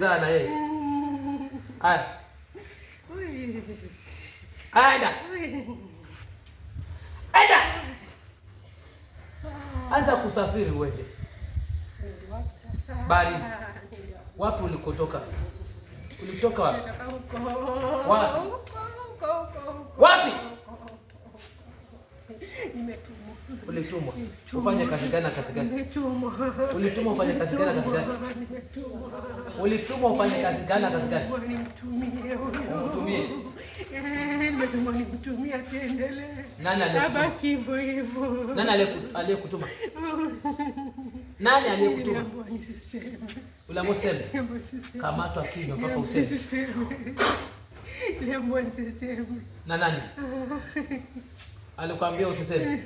Zana yeye. Haya. Aenda. Aenda. Anza kusafiri uende. Bali wapi ulikotoka? Ulitoka wapi? Wapi? Wapi? Nimetumwa. Ulitumwa. Ufanye kazi gani na kazi gani? Nimetumwa. Ulitumwa ufanye kazi gani na kazi gani? Nimetumwa. Ulitumwa ufanye kazi gani na kazi gani? Nimtumie huyo. Umtumie. Eh, nimetumwa nimtumie asiendelee. Nani aliyekutuma? Baba hivyo hivyo. Nani aliyekutuma? Nani aliyekutuma? Ule mseme. Kamatwa kinywa mpaka useme. Ule mseme. Na nani? Ah. Alikwambia usiseme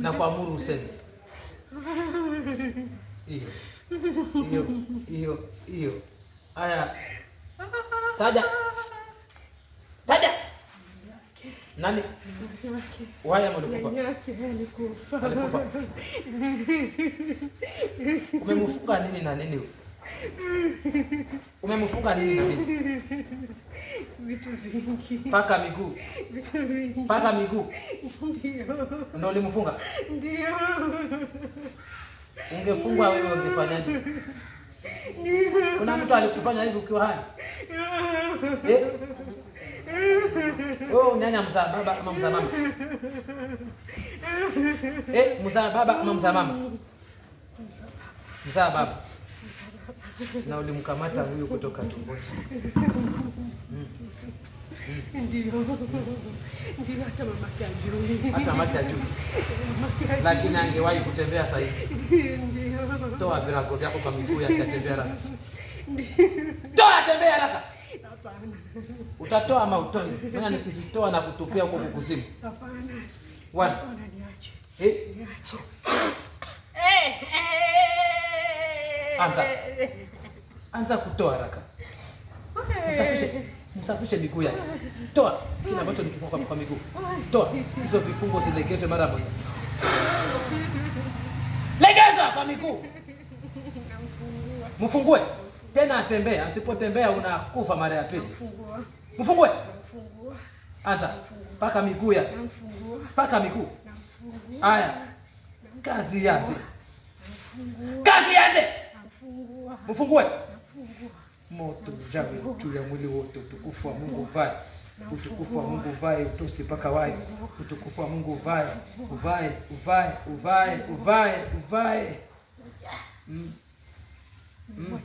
na kuamuru useme hiyo hiyo hiyo. Aya, taja taja, nani waya alikufa? Umemfuka nini na nini? Umemfunga nini? Vitu vingi. Paka miguu. Vitu vingi. Paka miguu. Ndio. Ndio ulimfunga? Ndio. Ungefungwa wewe ungefanyaje? Ndio. Kuna mtu alikufanya hivi ukiwa hai? Eh? Oh, nyanya mzaa baba ama mzaa mama? Eh, mzaa baba ama mzaa mama? Mzaa baba na ulimkamata huyu kutoka tumboni. Mm. Ndio, ndio, hata mamake ajui, hata mamake ajui, lakini angewahi kutembea sasa hivi. Ndio, toa virago vyako kwa miguu yake, atembea raha. Ndio, Toa, tembea raha. Hapana, utatoa ama utoi? Maana nikizitoa na kutupia huko kukuzimu. Hapana, wana niache, eh, niache Anza. Eh, eh, eh. Anza kutoa haraka. Msafishe. Msafishe miguu yake. Toa kile ambacho ni kifungo kwa miguu. Toa hizo vifungo zilegezwe mara moja. legezwa kwa miguu. Mfungue. Tena atembea, asipotembea unakufa mara ya pili. Mfungue. Anza. Paka miguu ya Paka miguu. Haya. Kazi yake. Kazi yake. Mfungue. Moto ujawe juu ya mwili wote, utukufu wa Mungu uvae, utukufu wa Mungu uvae, utose mpaka wayo, utukufu wa Mungu uvae, uvae, uvae, uvae, uvae, uvae. Mm. Mm.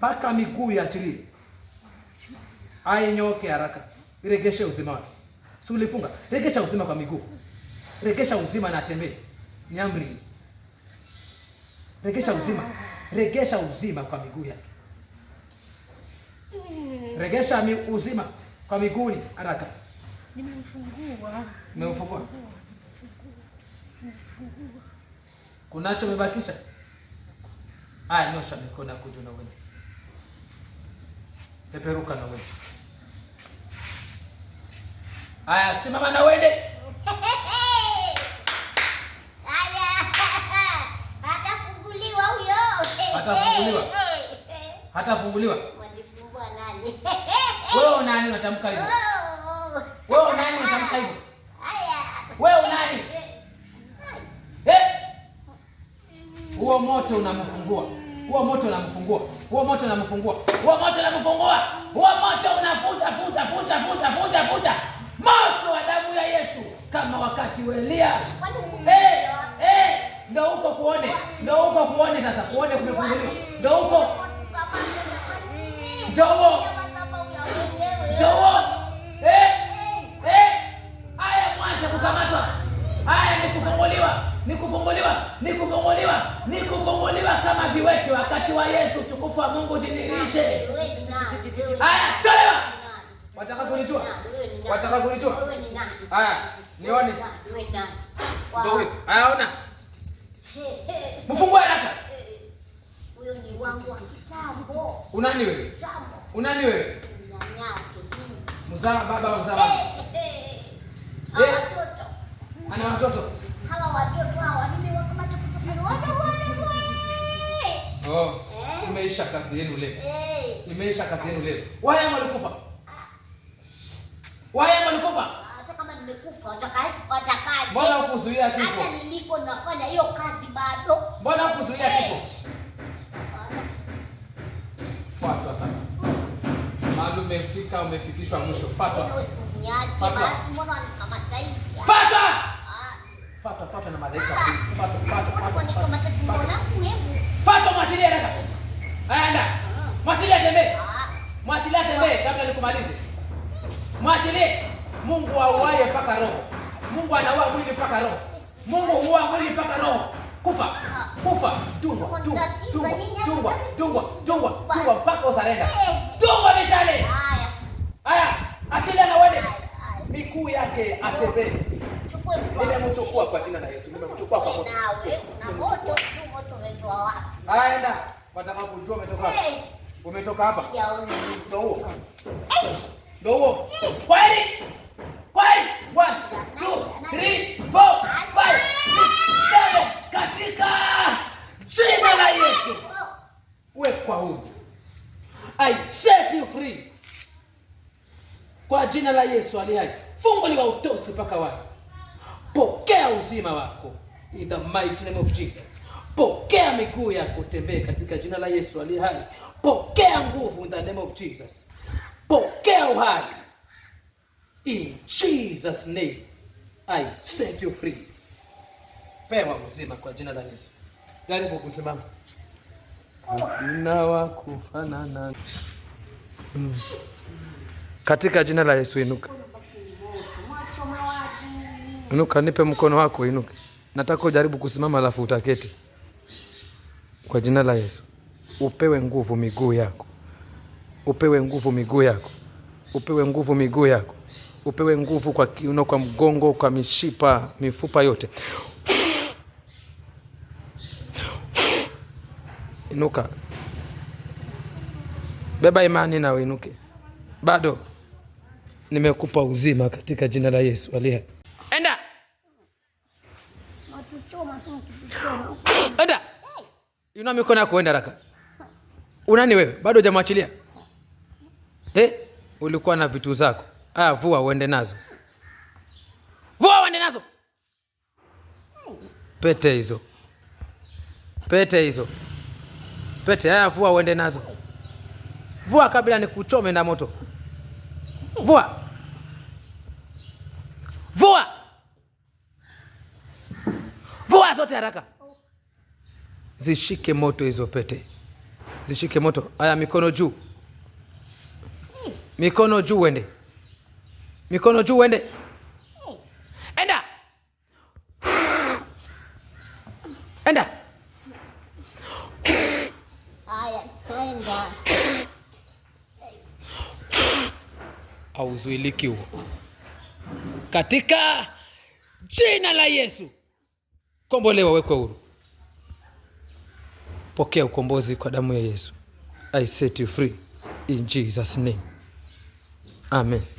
Paka miguu iachilie, ainyoke haraka, iregeshe uzima wake. Si ulifunga? Regesha uzima kwa miguu, regesha uzima na atembee. Ni amri. Regesha uzima, regesha uzima kwa miguu yake, regesha uzima kwa miguuni haraka. Nimemfungua, Kunacho mebakisha? Aya, nyosha mikono yako juu na wewe. Peperuka na wewe. Aya, simama na wewe. hatafunguliwa, hatafunguliwa. Walifungua Wewe unani unatamka hivyo? Wewe unani unatamka hivyo? Wewe unani? Eh? huo moto unamfungua, huo moto unamfungua, huo moto unamfungua, huo moto unamfungua, huo moto unafuta, futa, futa, futa, futa, futa, moto wa damu ya Yesu kama wakati wa Elia. Eh ndio huko kuone, ndio huko kuone. Sasa kuone kumefunguliwa, ndio huko ndio ndio eh eh, haya haya kukamatwa, ni ni kufunguliwa, kufunguliwa, ni kufunguliwa, ni kufunguliwa kama viwete wakati wa Yesu. Tukufu wa Mungu jinilishe. Haya, tolewa. Wataka kunitua, wataka kunitua. Haya, nione. Ndio huyo. Haya, ona Mfungue haraka. Huyo ni wangu wa kitambo. Unani wewe? Unani wewe? Mzaa baba mzaa baba. Eh. Ana watoto. Hawa watoto hawa nimewakamata kutoka wote wana bwana. Oh. Eh? Imeisha kazi yenu leo. Eh. Imeisha kazi yenu leo. Waya walikufa. Waya walikufa kufa, watakaje? Watakaje? Mbona hukuzuia kifo? Hata nilipo nafanya hiyo kazi bado. Mbona hukuzuia eh. kifo? Fuatwa sasa. Maalum umefika, umefikishwa mwisho. Fuatwa. Fuatwa. Mbona wanikamata hivi? Fuatwa. Ah. Fuatwa, fuatwa na malaika. Fuatwa, fuatwa, fuatwa. Wanikamata tumbona mwevu. Fuatwa mwachilie haraka. Aenda. Ah. Mwachilie tembee. Ah. Mwachilie tembee kabla nikumalize. Mwachilie. Mungu auaye mpaka roho. Mungu anaua mwili mpaka roho. Mungu huua mwili mpaka roho. Kufa, kufa, tungwa, tungwa, tungwa, tungwa, tungwa, tungwa, tungwa mpaka usarenda. Tungwa mishale. Haya. Haya, achilia na wende. Miguu yake atembee. Nimemchukua kwa jina la Yesu. Nimemchukua kwa moto. Na moto, moto umetoa wapi? Aenda. Kwa sababu jua umetoka hapa. Umetoka hapa? Ndio huo. Ndio huo. Kweli? Katika jina la Yesu wekwa huru. I set you free kwa jina la Yesu aliye hai. utosi mpaka wako, pokea uzima wako in the mighty name of Jesus. Pokea miguu yako tembee katika jina la Yesu aliye hai. Pokea nguvu in the name of Jesus. Pokea uhai In Jesus name I set you free. Pewa uzima kwa jina la Yesu. Jaribu kusimama. Nawa kufanana. Hmm. Katika jina la Yesu inuka. Inuka, nipe mkono wako inuka. Nataka ujaribu kusimama alafu utaketi. Kwa jina la Yesu. Upewe nguvu miguu yako. Upewe nguvu miguu yako. Upewe nguvu miguu yako upewe nguvu kwa kiuno, kwa mgongo, kwa mishipa, mifupa yote. Inuka, beba imani na uinuke. Bado nimekupa uzima katika jina la Yesu aliye Enda, enda, inua mikono yako, enda raka. Unani wewe, bado hujamwachilia eh? Ulikuwa na vitu zako Ah, vua uende nazo, vua uende nazo pete hizo, pete hizo, pete haya, vua uende nazo, vua kabla nikuchome na moto, vua, vua, vua zote haraka, zishike moto hizo pete, zishike moto. Haya, mikono juu, mikono juu, wende Mikono juu uende. Enda. Enda. Aya, enda. Auzuiliki huo. Katika jina la Yesu. Kombolewa, wekwe huru. Pokea ukombozi kwa damu ya Yesu. I set you free in Jesus name. Amen.